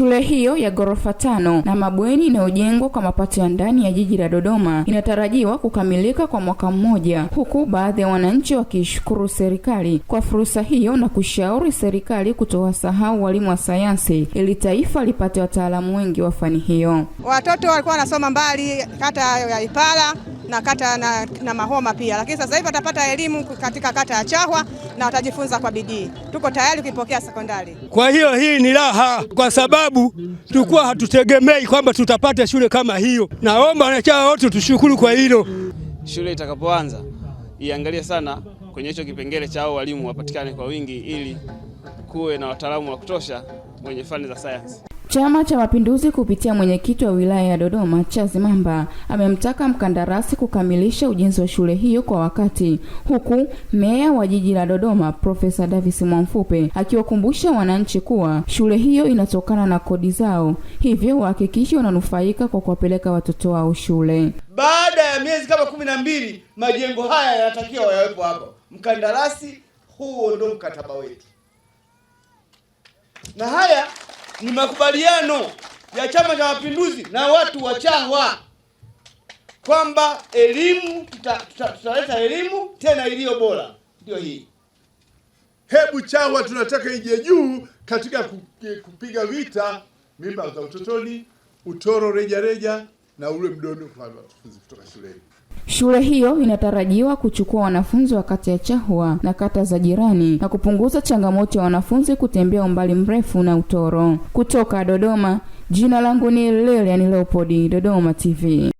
Shule hiyo ya ghorofa tano na mabweni inayojengwa kwa mapato ya ndani ya jiji la Dodoma inatarajiwa kukamilika kwa mwaka mmoja, huku baadhi ya wananchi wakiishukuru serikali kwa fursa hiyo na kushauri serikali kutowasahau walimu wa sayansi ili taifa lipate wataalamu wengi wa fani hiyo. Watoto walikuwa wanasoma mbali kata ya Ipala na kata na, na Mahoma pia, lakini sasa hivi watapata elimu katika kata ya Chahwa na watajifunza kwa bidii. Tuko tayari kuipokea sekondari. Kwa hiyo hii ni raha, kwa sababu tulikuwa hatutegemei kwamba tutapata shule kama hiyo. Naomba wanachama wote tushukuru kwa hilo. Shule itakapoanza iangalie sana kwenye hicho kipengele cha walimu wapatikane kwa wingi, ili kuwe na wataalamu wa kutosha kwenye fani za sayansi. Chama cha Mapinduzi kupitia mwenyekiti wa wilaya ya Dodoma Charles Mamba amemtaka mkandarasi kukamilisha ujenzi wa shule hiyo kwa wakati, huku meya wa jiji la Dodoma Profesa Davis Mwamfupe akiwakumbusha wananchi kuwa shule hiyo inatokana na kodi zao, hivyo wahakikishe wananufaika kwa kuwapeleka watoto wao shule. Baada ya miezi kama kumi na mbili majengo haya yanatakiwa yawepo hapa. Mkandarasi, huo ndo mkataba wetu na haya ni makubaliano ya Chama cha Mapinduzi na watu wa Chawa kwamba elimu tutaleta tuta, tuta elimu tena iliyo bora, ndio hii. Hebu Chawa tunataka ije juu katika kupiga vita mimba za utotoni, utoro rejareja, na ule mdondo kutoka shuleni. Shule hiyo inatarajiwa kuchukua wanafunzi wa kata ya Chahwa na kata za jirani na kupunguza changamoto ya wanafunzi kutembea umbali mrefu na utoro. Kutoka Dodoma, jina langu ni Lilian Leopold, Dodoma TV.